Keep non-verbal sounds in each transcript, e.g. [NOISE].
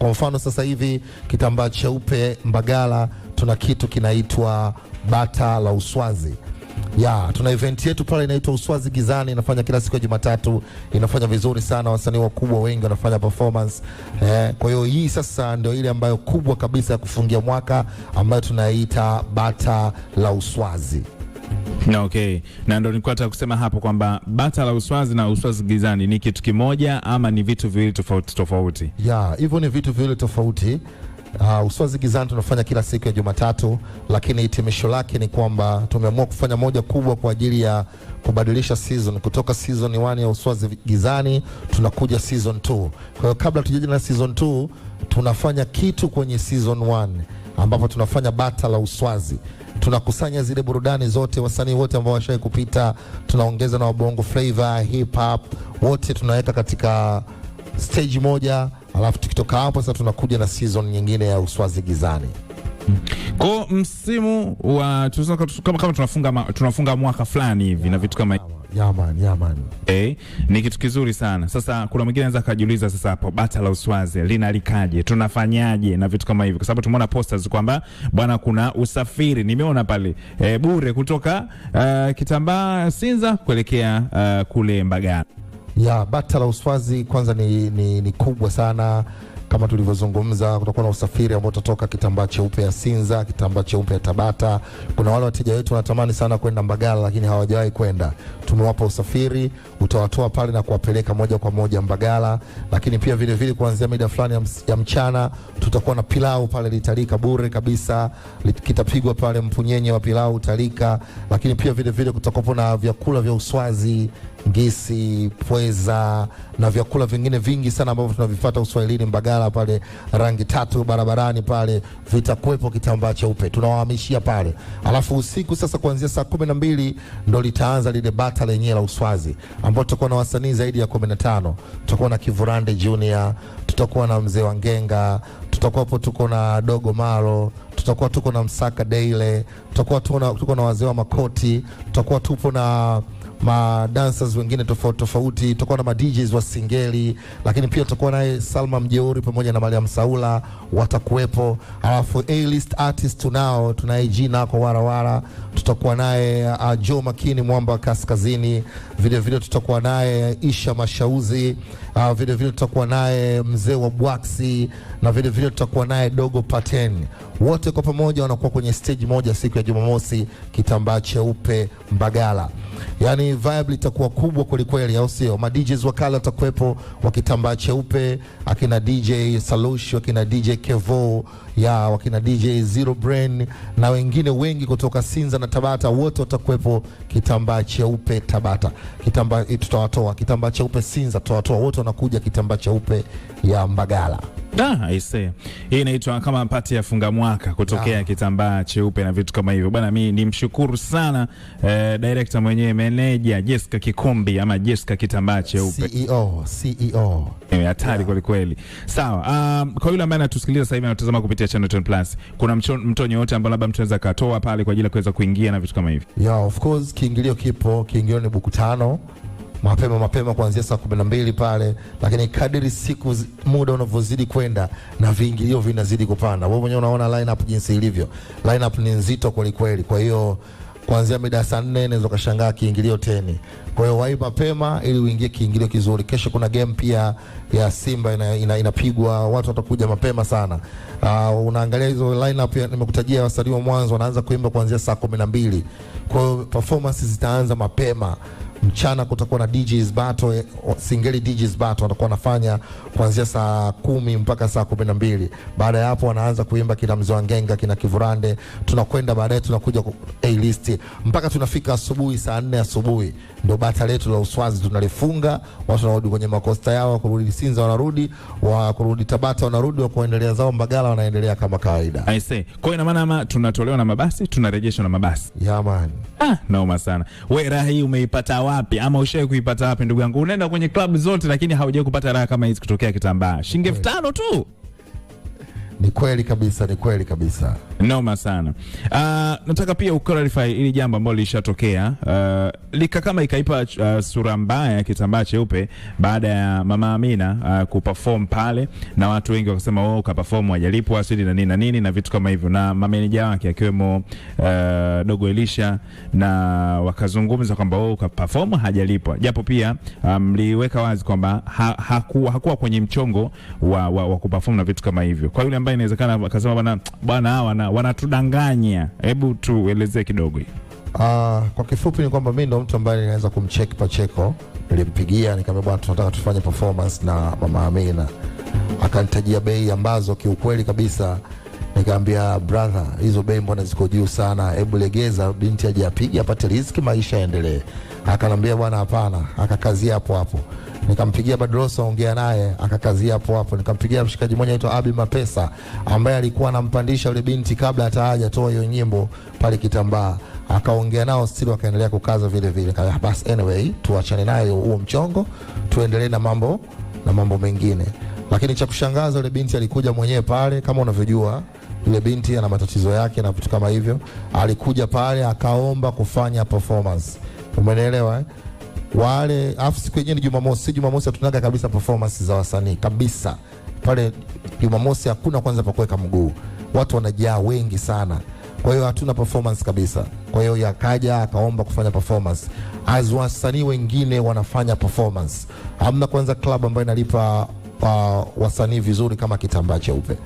Kwa mfano sasa hivi kitambaa cheupe Mbagala tuna kitu kinaitwa bata la Uswazi ya tuna event yetu pale inaitwa Uswazi Gizani, inafanya kila siku ya Jumatatu, inafanya vizuri sana, wasanii wakubwa wengi wanafanya performance eh. Kwa hiyo hii sasa ndio ile ambayo kubwa kabisa ya kufungia mwaka ambayo tunaiita bata la Uswazi. Okay, na ndo nilikuwa nataka kusema hapo kwamba bata la uswazi na uswazi gizani ni kitu kimoja ama ni vitu viwili tofauti tofauti? Yeah, hivyo ni vitu viwili tofauti. Uh, uswazi gizani tunafanya kila siku ya Jumatatu, lakini hitimisho lake ni kwamba tumeamua kufanya moja kubwa kwa ajili ya kubadilisha season kutoka season 1 ya uswazi gizani tunakuja season 2. Kwa hiyo kabla tujaje na season 2 tunafanya kitu kwenye season 1 ambapo tunafanya bata la uswazi, tunakusanya zile burudani zote, wasanii wote ambao washawahi kupita, tunaongeza na wabongo flavor, hip hop, wote tunaweka katika stage moja, alafu tukitoka hapo sasa tunakuja na season nyingine ya uswazi gizani. Kwa msimu wa kama tunafunga, tunafunga mwaka fulani hivi na vitu kama yeah, man, eh ni kitu kizuri sana. Sasa kuna mwingine anaweza kujiuliza sasa hapo bata la Uswazi linalikaje, tunafanyaje na vitu kama hivyo, kwa sababu tumeona posters kwamba bwana, kuna usafiri nimeona pale e, bure kutoka uh, Kitambaa Sinza kuelekea uh, kule Mbagala. Ya, bata la Uswazi kwanza ni, ni, ni kubwa sana kama tulivyozungumza, kutakuwa na usafiri ambao utatoka kitambaa cheupe ya Sinza, kitambaa cheupe ya Tabata. Kuna wale wateja wetu wanatamani sana kwenda Mbagala lakini hawajawahi kwenda, tumewapa usafiri, utawatoa pale na kuwapeleka moja kwa moja Mbagala. Lakini pia vile vile kuanzia mida fulani ya mchana tutakuwa na pilau pale, litalika bure kabisa, kitapigwa pale, mpunyenye wa pilau utalika. Lakini pia vile vile kutakuwa na vyakula vya uswazi ngisi, pweza na vyakula vingine vingi sana ambavyo tunavifata Uswahilini, Mbagala pale rangi tatu barabarani pale, vitakuwepo kitambaa cheupe, tunawahamishia pale. Alafu usiku sasa, kuanzia saa kumi na mbili ndo litaanza lile bata lenyewe la uswazi, ambao tutakuwa na wasanii zaidi ya kumi na tano. Tutakuwa na Kivurande Junior, tutakuwa na mzee wa Ngenga, hapo, tuko na Dogo Maro, tutakuwa tuko na Msaka Daily, tutakuwa tuko na wazee wa Makoti, tutakuwa tupo na ma dancers wengine tofauti tofauti, tutakuwa na ma DJs wa Singeli, lakini pia tutakuwa naye Salma Mjeuri pamoja na Mariam Saula watakuwepo, alafu A list artist tunao, tunaye Jina kwa warawara, tutakuwa naye uh, Joe Makini mwamba wa kaskazini, vile vile tutakuwa naye Isha Mashauzi, uh, vile vile tutakuwa naye mzee wa Bwaksi na vile vile tutakuwa naye Dogo Paten wote kwa pamoja wanakuwa kwenye stage moja siku ya Jumamosi, kitambaa cheupe Mbagala. Yani vibe litakuwa kubwa kwelikweli, au sio? Ma DJs wakala watakuwepo wa kitambaa cheupe, akina DJ Salush, akina DJ Kevo ya wakina DJ Zero Brain na wengine wengi kutoka Sinza na Tabata, wote watakuwepo kitambaa cheupe Tabata. Kitambaa eh, tutawatoa kitambaa cheupe Sinza, tutawatoa wote, wanakuja kitambaa cheupe ya Mbagala. Da, aise. Hii inaitwa kama pati ya funga mwaka kutokea kitambaa cheupe na vitu kama hivyo. Bwana mimi nimshukuru sana eh, director mwenyewe manager Jessica Kikumbi ama Jessica kitambaa cheupe. CEO, CEO. Eh, hatari kweli kweli. Sawa. Um, kwa yule ambaye anatusikiliza sasa hivi anatazama kupitia Channel 10 Plus, kuna mtonyo wote ambao labda mtu anaweza katoa pale kwa ajili ya kuweza kuingia na vitu kama hivyo? Yeah, of course kiingilio kipo, kiingilio ni buku tano mapema mapema kuanzia saa kumi na mbili pale, lakini kadiri siku zi, muda unavyozidi kwenda na viingilio vinazidi kupanda, wewe mwenyewe unaona lineup jinsi ilivyo. Lineup ni nzito kweli kweli, kwa hiyo kuanzia mida saa nne naweza ukashangaa kiingilio teni. Kwa hiyo wahi mapema ili uingie kiingilio kizuri. Kesho kuna game pia ya Simba inapigwa, ina, ina watu watakuja mapema sana. Uh, unaangalia hizo lineup nimekutajia, wasanii wa mwanzo wanaanza kuimba kuanzia saa kumi na mbili. Kwa hiyo performance zitaanza mapema. Mchana kutakuwa na DJs battle, eh, singeli DJs battle watakuwa wanafanya kuanzia saa kumi mpaka saa kumi na mbili. Baada ya hapo wanaanza kuimba kina Mzee Ngenga, kina Kivurande, tunakwenda baadaye tunakuja A list mpaka tunafika asubuhi saa nne asubuhi ndio bata letu la Uswazi tunalifunga. Watu wanarudi kwenye makosta yao, wa kurudi Sinza wanarudi, wa kurudi Tabata wanarudi, wa kuendelea zao Mbagala wanaendelea kama kawaida. I say. Kwa ina maana ama tunatolewa na mabasi tunarejeshwa na mabasi. Yaman. Ah, naoma sana. We raha umeipata wa wapi ama ushawahi kuipata wapi ndugu yangu? Unaenda kwenye klabu zote, lakini haujawahi kupata raha kama hizi kutokea kitambaa. Shilingi elfu tano tu. Ni kweli kabisa, ni kweli kabisa, noma sana. Uh, nataka pia uclarify ili jambo ambalo lilishatokea uh, lika kama ikaipa uh, sura mbaya kitambaa cheupe baada ya mama Amina uh, kuperform pale, na watu wengi wakasema wewe oh, ukaperform wajalipwa asili na nini na nini na vitu kama hivyo, na mameneja wake akiwemo uh, Dogo Elisha, na wakazungumza kwamba wewe oh, ukaperform hajalipwa, japo pia mliweka um, wazi kwamba ha, hakuwa, hakuwa kwenye mchongo wa, wa, wa kuperform na vitu kama hivyo kwa yule ambaye inawezekana akasema bwana bwana wana wanatudanganya, hebu tuelezee kidogo hii. Uh, ah, kwa kifupi ni kwamba mimi ndo mtu ambaye ninaweza kumchek Pacheko. Nilimpigia nikamwambia bwana, tunataka tufanye performance na Mama Amina, akanitajia bei ambazo kiukweli kabisa Nikaambia brother, hizo bei mbona ziko juu sana, hebu legeza, binti ajiapige apate riziki, maisha yaendelee. Akanambia bwana, hapana. Akakazia hapo hapo. Nikampigia Badrosa, ongea naye, akakazia hapo hapo. Nikampigia mshikaji mmoja anaitwa Abi Mapesa ambaye alikuwa anampandisha yule binti kabla hata hajatoa hiyo nyimbo pale Kitambaa, akaongea nao stili, akaendelea kukaza vile vile. Basi anyway, tuachane nayo huo mchongo, tuendelee na mambo na mambo mengine. Lakini cha kushangaza yule binti alikuja mwenyewe pale, kama unavyojua yule binti ana matatizo yake na vitu kama hivyo. Alikuja pale akaomba kufanya performance, umeelewa eh? Wale afu siku yenyewe ni Jumamosi. Jumamosi hatunaga kabisa performance za wasanii kabisa pale. Jumamosi hakuna kwanza pa kuweka mguu, watu wanajaa wengi sana kwa hiyo hatuna performance kabisa. Kwa hiyo yakaja akaomba kufanya performance as wasanii wengine wanafanya performance. Hamna kwanza club ambayo inalipa uh, wasanii vizuri kama kitambaa cheupe.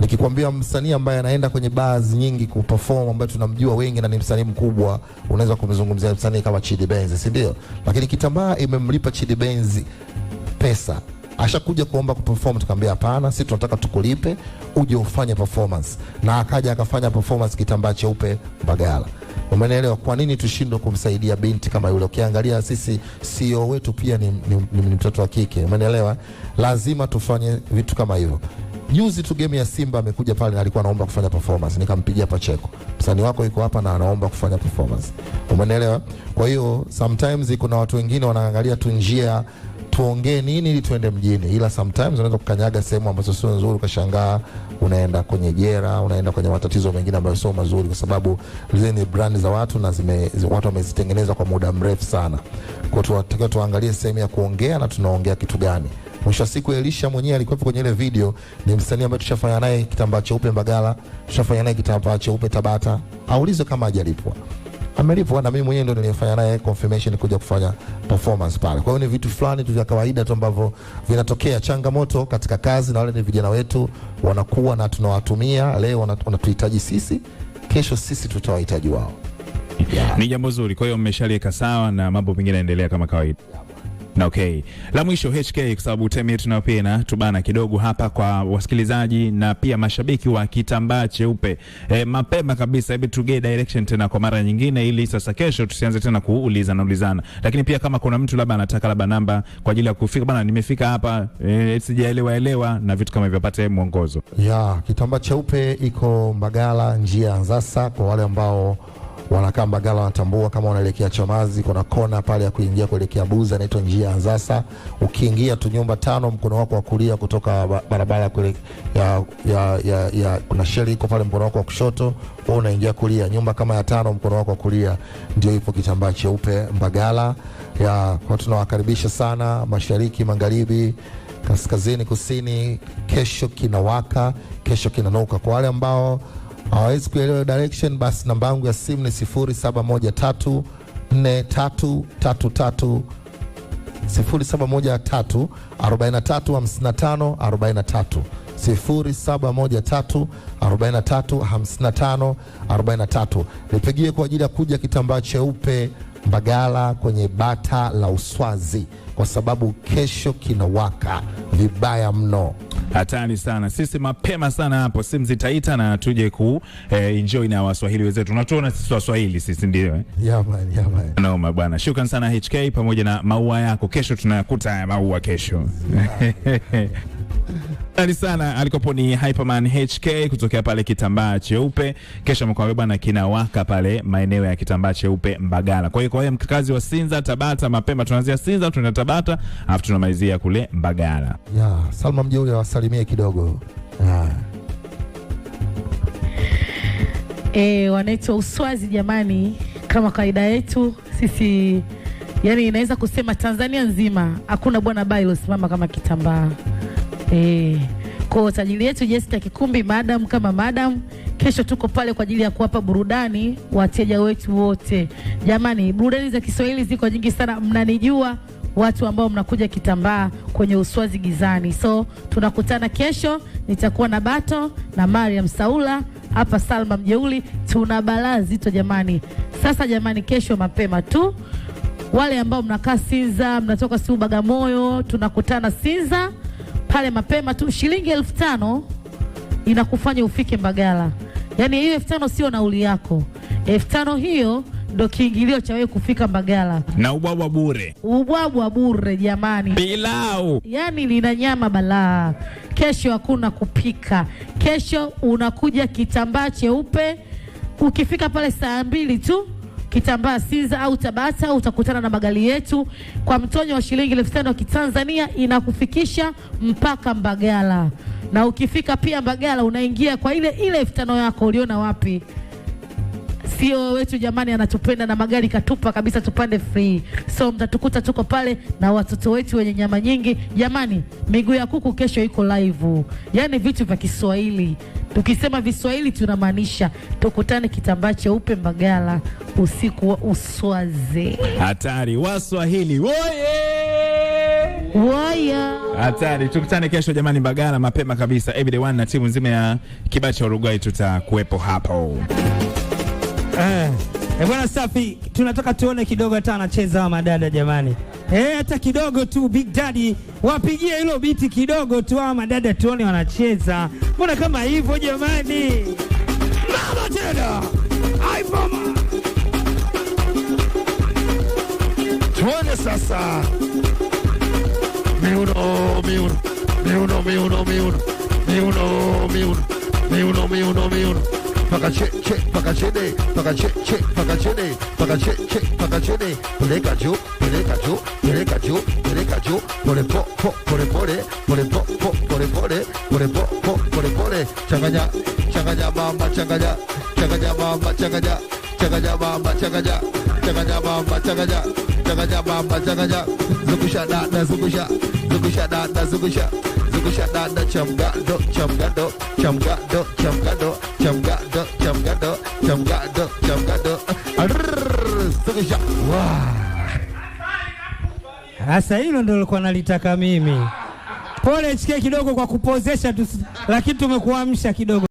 Nikikwambia msanii ambaye anaenda kwenye bars nyingi kuperform, ambaye tunamjua wengi na ni msanii mkubwa, unaweza kumzungumzia msanii kama Chidi Benz, si ndio? Lakini kitambaa imemlipa Chidi Benz pesa ashakuja kuomba kuperform, tukamwambia hapana, sisi tunataka tukulipe uje ufanye performance, na akaja akafanya performance kitambaa cheupe Mbagala. Umeelewa? Kwa nini tushindwe kumsaidia binti kama yule? Ukiangalia sisi CEO wetu pia ni, ni, ni, ni mtoto wa kike. Umeelewa? Lazima tufanye vitu kama hivyo. Juzi tu game ya Simba amekuja pale na alikuwa anaomba kufanya performance, nikampigia Pacheko, msanii wako yuko hapa na anaomba kufanya performance, umeelewa? Kwa hiyo sometimes kuna watu wengine wanaangalia tu njia tuongee nini ili tuende mjini, ila sometimes unaweza kukanyaga sehemu ambazo sio nzuri, ukashangaa unaenda kwenye jera, unaenda kwenye matatizo mengine ambayo sio mazuri, kwa sababu zile ni brand za watu na zime, watu wamezitengeneza kwa muda mrefu sana. Kwa hiyo tunatakiwa tuangalie sehemu ya kuongea na tunaongea kitu gani. Mwisho wa siku Elisha mwenyewe alikuwepo kwenye ile video, ni msanii ambaye tushafanya naye kitambaa cheupe Mbagala, tushafanya naye kitambaa cheupe Tabata. Aulize kama hajalipwa. Amelipwa na mimi mwenyewe ndo nilifanya naye confirmation kuja kufanya performance pale. Kwa hiyo ni vitu fulani tu vya kawaida tu ambavyo vinatokea, changamoto katika kazi, na wale ni vijana wetu wanakuwa na tunawatumia leo, wanatuhitaji sisi, kesho sisi tutawahitaji wao. Yeah. Ni jambo zuri. Kwa hiyo mmeshaliweka sawa na mambo mengine yanaendelea kama kawaida. Yeah. Na okay. La mwisho HK kwa sababu time yetu nayo pia tubana kidogo hapa kwa wasikilizaji na pia mashabiki wa kitambaa cheupe. E, mapema kabisa hebu tuge direction tena kwa mara nyingine ili sasa kesho tusianze tena kuuliza na ulizana. Lakini pia kama kuna mtu labda anataka labda namba kwa ajili ya kufika bana, nimefika hapa e, sijaelewa elewa na vitu kama hivyo apate mwongozo. Ya, kitambaa cheupe iko Mbagala njia Nzasa kwa wale ambao wanakaa Mbagala, wanatambua kama wanaelekea Chamazi, kuna kona pale ya kuingia kuelekea Buza inaitwa njia ya Nzasa. Ukiingia tu nyumba tano, mkono wako wa kulia kutoka barabara ya, ya, ya, ya, kuna sheli iko pale, mkono wako wa kushoto wewe unaingia kulia, nyumba kama ya tano, mkono wako wa kulia ndio ipo kitambaa cheupe Mbagala ya kwa. Tunawakaribisha sana mashariki, magharibi kaskazini kusini. Kesho kinawaka, kesho kinanuka. Kwa wale ambao hawawezi ah, kuelewa direction, basi namba yangu ya simu ni 0713 4333 0713 4355 43 0713 4355 43. Nipigie kwa ajili ya kuja kitambaa cheupe Mbagala kwenye bata la Uswazi, kwa sababu kesho kinawaka vibaya mno hatari sana. Sisi mapema sana hapo simu zitaita na tuje ku eh, enjoy na waswahili wenzetu, unatuona sisi waswahili sisi ndio eh? yeah, man, yeah, man. Noma bwana, shukran sana HK pamoja na maua yako. Kesho tunakuta maua kesho yeah. [LAUGHS] ali sana alikopo ni Hyperman HK kutokea pale kitambaa cheupe, kesha mkoa bwana kinawaka pale maeneo ya kitambaa cheupe Mbagala. Kwa hiyo kwa hiyo mkazi wa Sinza Tabata, mapema tunaanzia Sinza tunaenda Tabata, alafu tunamalizia kule Mbagala. Ya, Salma Mjeuri awasalimie kidogo ya. E, wanaitwa Uswazi jamani, kama kawaida yetu sisi, yani inaweza kusema Tanzania nzima hakuna bwana bailo simama kama kitambaa. Eh, kwa usajili yetu Jessica Kikumbi, madam kama madam, kesho tuko pale kwa ajili ya kuwapa burudani wateja wetu wote. Jamani, burudani za Kiswahili ziko nyingi sana, mnanijua watu ambao mnakuja kitambaa kwenye Uswazi Gizani. So tunakutana kesho, nitakuwa na Bato na Mariam Saula hapa Salma Mjeuli, tuna balaa zito jamani. Sasa jamani, kesho mapema tu, wale ambao mnakaa Sinza, mnatoka siu Bagamoyo, tunakutana Sinza pale mapema tu, shilingi elfu tano inakufanya ufike Mbagala. Yaani hiyo elfu tano sio nauli yako, elfu tano hiyo ndo kiingilio cha wewe kufika Mbagala na ubwabwa bure, ubwabwa bure jamani, pilau yani lina nyama balaa. Kesho hakuna kupika, kesho unakuja kitambaa cheupe. Ukifika pale saa mbili tu Kitambaa Sinza au Tabata utakutana na magari yetu kwa mtonyo wa shilingi elfu tano ya Kitanzania inakufikisha mpaka Mbagala, na ukifika pia Mbagala unaingia kwa ile ile elfu tano yako uliona wapi sio e wetu jamani, anatupenda na magari katupa kabisa, tupande free. So mtatukuta tuko pale na watoto wetu wenye nyama nyingi. Jamani, miguu ya kuku kesho iko live, yaani vitu vya Kiswahili. Tukisema Viswahili tunamaanisha tukutane kitambaa cheupe Mbagala usiku wa uswaze. Hatari waswahili woye Waya. hatari. Tukutane kesho jamani, Mbagala mapema kabisa, everyone na timu nzima ya Kibacha Uruguay tutakuwepo hapo. Eh. eh, bwana safi, tunataka tuone kidogo hata anacheza wa madada jamani, Eh, hata kidogo tu Big Daddy wapigie hilo biti kidogo tu wa madada tuone wanacheza. Mbona kama hivyo jamani, mama tena ai mama, tuone sasa Miuno, miuno miuno miuno miuno miuno miuno miuno miuno miuno miuno pagache, che, pagachene, pagache, che, pagachene, pagache, che, pagachene, pone cacho, pone cacho, pone cacho, pone cacho, pone po, po, pone pone, pone po, po, pone pone, pone po, po, pone pone, chagaya, chagaya mama, chagaya, chagaya mama, chagaya, chagaya mama, chagaya, chagaya mama, chagaya, chagaya mama, chagaya, zugusha da, da zugusha, zugusha da, da zugusha. that, the chum chum chum chum chum chum got got got got got got Zungushana chum got chamgado chamgado chamgado chamgado chamgado chamgado zungusha. Sasa hilo ndio nilikuwa nalitaka mimi. Pole chike kidogo kwa kupozesha tu, lakini tumekuamsha kidogo.